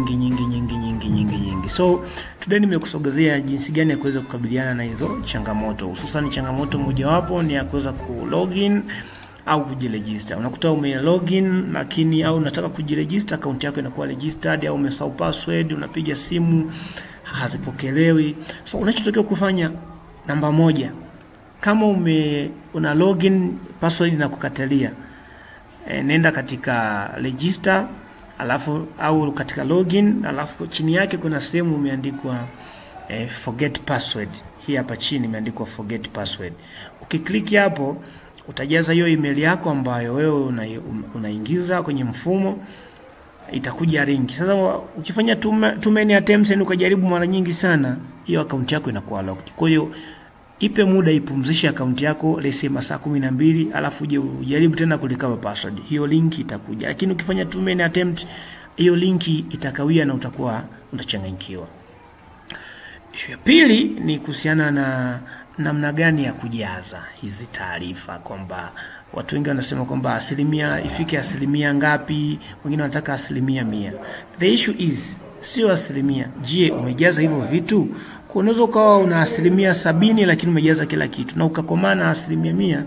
nyingi nyingi nyingi nyingi nyingi nyingi. So today nimekusogezea jinsi gani ya kuweza kukabiliana na hizo changamoto, hususan changamoto mojawapo ni ya kuweza kulogin au kujiregister. Unakuta ume login lakini, au unataka kujiregister, akaunti yako inakuwa registered au umesahau password, unapiga simu hazipokelewi. So unachotakiwa kufanya, namba moja, kama ume una login password inakukatalia e, nenda katika register alafu au katika login, alafu chini yake kuna sehemu imeandikwa eh, forget password. Hii hapa chini imeandikwa forget password. Ukiklik hapo utajaza hiyo email yako ambayo wewe unaingiza una kwenye mfumo itakuja ringi. Sasa ukifanya too many attempts ukajaribu mara nyingi sana, hiyo akaunti yako inakuwa locked. Kwa hiyo ipe muda ipumzishe akaunti yako lese masaa kumi na mbili alafu uje ujaribu tena kulikava password. Hiyo link itakuja, lakini ukifanya too many attempt hiyo link itakawia na utakuwa utachanganyikiwa. Ishu ya pili ni kuhusiana na namna gani ya kujaza hizi taarifa, kwamba watu wengi wanasema kwamba asilimia ifike asilimia ngapi, wengine wanataka asilimia mia. The issue is sio asilimia. Je, umejaza hivyo vitu? unaweza ukawa una asilimia sabini lakini umejaza kila kitu na ukakomaa na asilimia mia.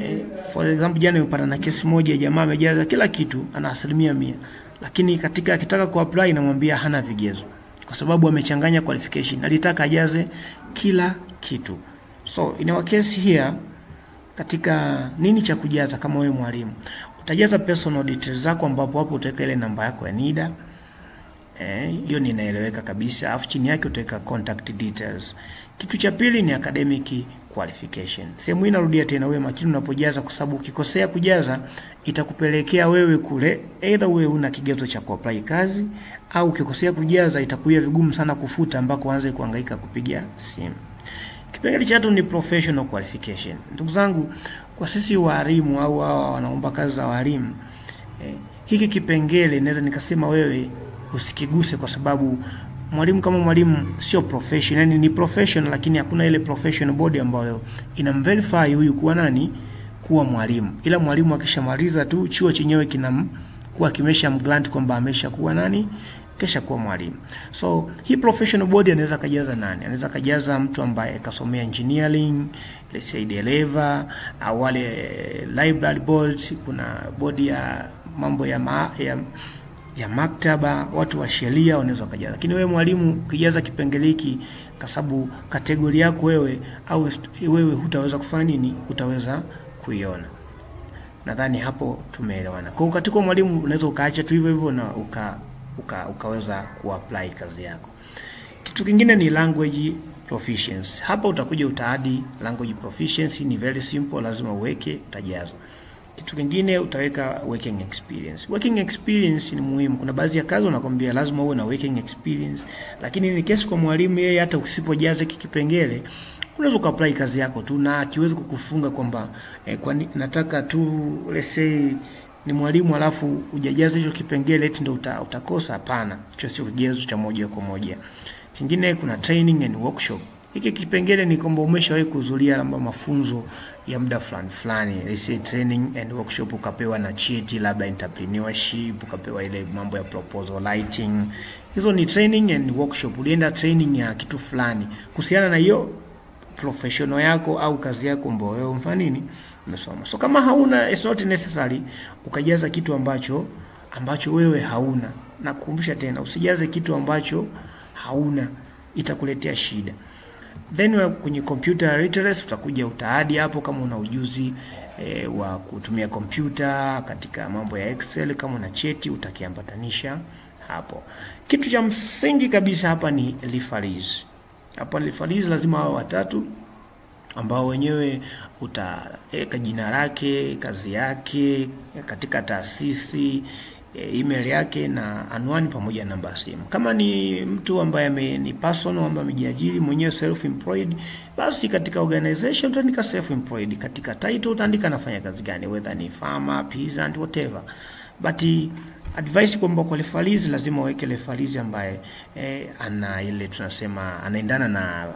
E, for example jana nimepata na kesi moja, jamaa amejaza kila kitu ana asilimia mia, lakini katika akitaka kuapply inamwambia hana vigezo kwa sababu amechanganya qualification, alitaka ajaze kila kitu. So in our case here, katika nini cha kujaza, kama wewe mwalimu utajaza personal details zako, ambapo hapo utaweka ile namba yako ya NIDA Eh, hiyo eh, ninaeleweka kabisa, alafu chini yake utaweka contact details. Kitu cha pili ni academic qualification. Sehemu hii narudia tena, wewe makini unapojaza, kwa sababu ukikosea kujaza itakupelekea wewe kule, either wewe una kigezo cha kuapply kazi au ukikosea kujaza itakuwa vigumu sana kufuta, ambako uanze kuhangaika kupiga simu. Kipengele cha tatu ni professional qualification. Ndugu zangu, kwa sisi walimu au hawa wanaomba kazi za walimu eh, hiki kipengele naweza nikasema wewe usikiguse kwa sababu mwalimu kama mwalimu sio profession, yani ni profession, lakini hakuna ile profession body ambayo inamverify huyu kuwa nani, kuwa mwalimu. Ila mwalimu akishamaliza tu chuo chenyewe kinam kuwa kimesha mgrant kwamba amesha kuwa nani kesha kuwa mwalimu. So hii professional body anaweza kajaza nani? Anaweza kajaza mtu ambaye kasomea engineering, let's say dereva au wale library boards, kuna bodi ya mambo ya, ma, ya ya maktaba, watu wa sheria wanaweza wakajaza, lakini wewe mwalimu ukijaza kipengele hiki, kwa sababu kategori yako wewe au wewe hutaweza kufanya nini, hutaweza kuiona. Nadhani hapo tumeelewana. Kwa katika mwalimu unaweza ukaacha tu hivyo hivyo na uka, uka, ukaweza kuapply kazi yako. Kitu kingine ni language proficiency. Hapa utakuja utaadi language proficiency, ni very simple, lazima uweke utajaza kitu kingine utaweka working experience. Working experience ni muhimu. Kuna baadhi ya kazi unakwambia lazima uwe na working experience, lakini ni kesi kwa mwalimu, yeye hata usipojaza hiki kipengele unaweza ukaapply kazi yako tu na akiwezi kukufunga kwamba eh, kwa ni, nataka tu let's say ni mwalimu alafu ujajaza hicho kipengele eti ndio uta, utakosa. Hapana, hicho sio kigezo cha moja kwa moja. Kingine kuna training and workshop. Hiki kipengele ni kwamba umeshawahi kuhudhuria labda mafunzo ya muda fulani fulani, lise training and workshop, ukapewa na cheti labda entrepreneurship, ukapewa ile mambo ya proposal writing. Hizo ni training and workshop, ulienda training ya kitu fulani kuhusiana na hiyo professional yako au kazi yako ambayo wewe mfano nini umesoma. So kama hauna, it's not necessary ukajaza kitu ambacho ambacho wewe hauna. Nakukumbusha tena, usijaze kitu ambacho hauna, itakuletea shida. Then kwenye computer literacy utakuja utaadi hapo kama una ujuzi e, wa kutumia kompyuta katika mambo ya Excel, kama una cheti utakiambatanisha hapo. Kitu cha msingi kabisa hapa ni referees. Hapa referees lazima wawe watatu ambao wenyewe utaweka jina lake, kazi yake katika taasisi Eh, email yake na anwani pamoja na namba ya simu. Kama ni mtu ambaye ame, ni personal ambaye amejiajiri mwenyewe self employed, basi katika organization utaandika self employed, katika title utaandika anafanya kazi gani, whether ni farmer, peasant, whatever. But advice kwamba kwa lefalizi lazima uweke lefalizi ambaye eh, ana ile tunasema anaendana na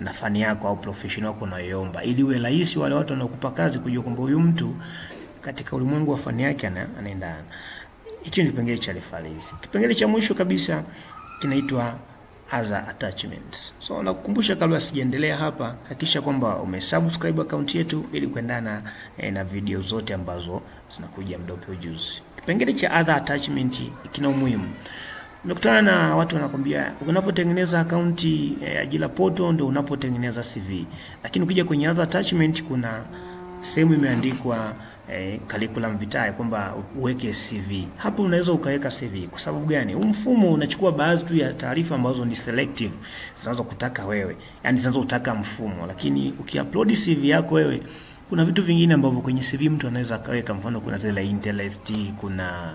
na fani yako au profession yako unayoomba, ili uwe rahisi wale watu wanaokupa kazi kujua kwamba huyu mtu katika ulimwengu wa fani yake anaendana. Hichi ni kipengele cha reference. Kipengele cha mwisho kabisa kinaitwa other attachments. So nakukumbusha kabla sijaendelea hapa, hakikisha kwamba umesubscribe account yetu ili kuendana eh, na video zote ambazo zinakuja muda upi ujuzi. Kipengele cha other attachment kina umuhimu. Nimekutana na watu wanakwambia unapotengeneza akaunti eh, ajira portal ndio unapotengeneza CV. Lakini ukija kwenye other attachment kuna sehemu imeandikwa eh, curriculum vitae kwamba uweke CV. Hapo unaweza ukaweka CV. Kwa sababu gani? Huu mfumo unachukua baadhi tu ya taarifa ambazo ni selective zinazokutaka wewe, yani kutaka mfumo, lakini ukiupload CV yako wewe kuna vitu vingine ambavyo kwenye CV mtu anaweza akaweka, mfano kuna zile interest, kuna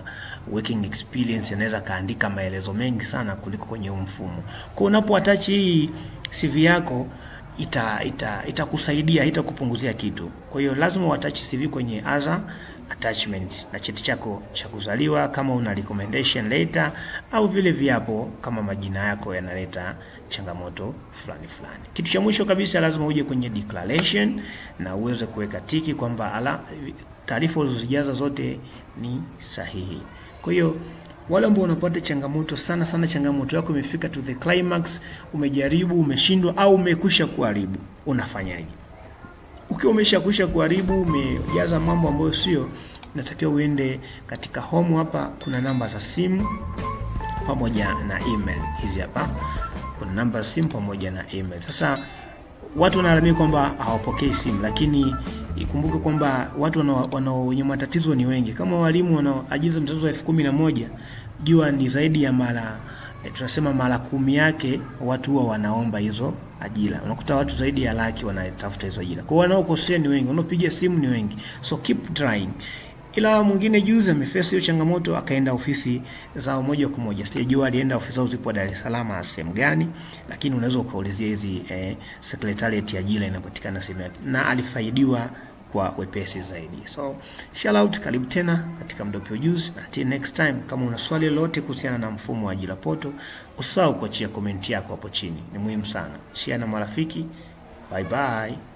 working experience, anaweza kaandika maelezo mengi sana kuliko kwenye mfumo. Kwa unapo attach hii CV yako ita ita, ita itakupunguzia kitu. Kwa hiyo lazima uattach CV kwenye other attachment na cheti chako cha kuzaliwa kama una recommendation letter au vile viapo kama majina yako yanaleta changamoto fulani fulani. Kitu cha mwisho kabisa, lazima uje kwenye declaration na uweze kuweka tiki kwamba ala taarifa ulizozijaza zote ni sahihi. Kwa hiyo wale ambao unapata changamoto sana sana, changamoto yako imefika to the climax, umejaribu umeshindwa, au umekwisha kuharibu, unafanyaje? Ukiwa umeshakwisha kuharibu, umejaza mambo ambayo sio, natakiwa uende katika home. Hapa kuna namba za simu pamoja na email, hizi hapa kuna namba za simu pamoja na email. Sasa watu wanalalamika kwamba hawapokei simu, lakini Ikumbuke kwamba watu wenye matatizo ni wengi. Kama walimu wanaoajiza mtoto elfu kumi na moja, jua ni zaidi ya mara e, tunasema mara kumi yake watu huwa wanaomba hizo ajira. Unakuta watu zaidi ya laki wanatafuta hizo ajira. Kwa hiyo wanaokosea ni wengi, wanaopiga simu ni wengi. So keep trying ila mwingine juzi amefesa hiyo changamoto akaenda ofisi zao moja kwa moja. Sijajua alienda ofisi zao zipo Dar es Salaam sehemu gani, lakini unaweza ukaulizia hizi eh, secretariat ya ajira inapatikana sehemu yake, na alifaidiwa kwa wepesi zaidi. So shout out, karibu tena katika Mdope Ujuzi, na till next time, kama una swali lolote kuhusiana na mfumo wa ajira poto, usahau kuachia komenti yako hapo chini, ni muhimu sana. Share na marafiki. Bye bye.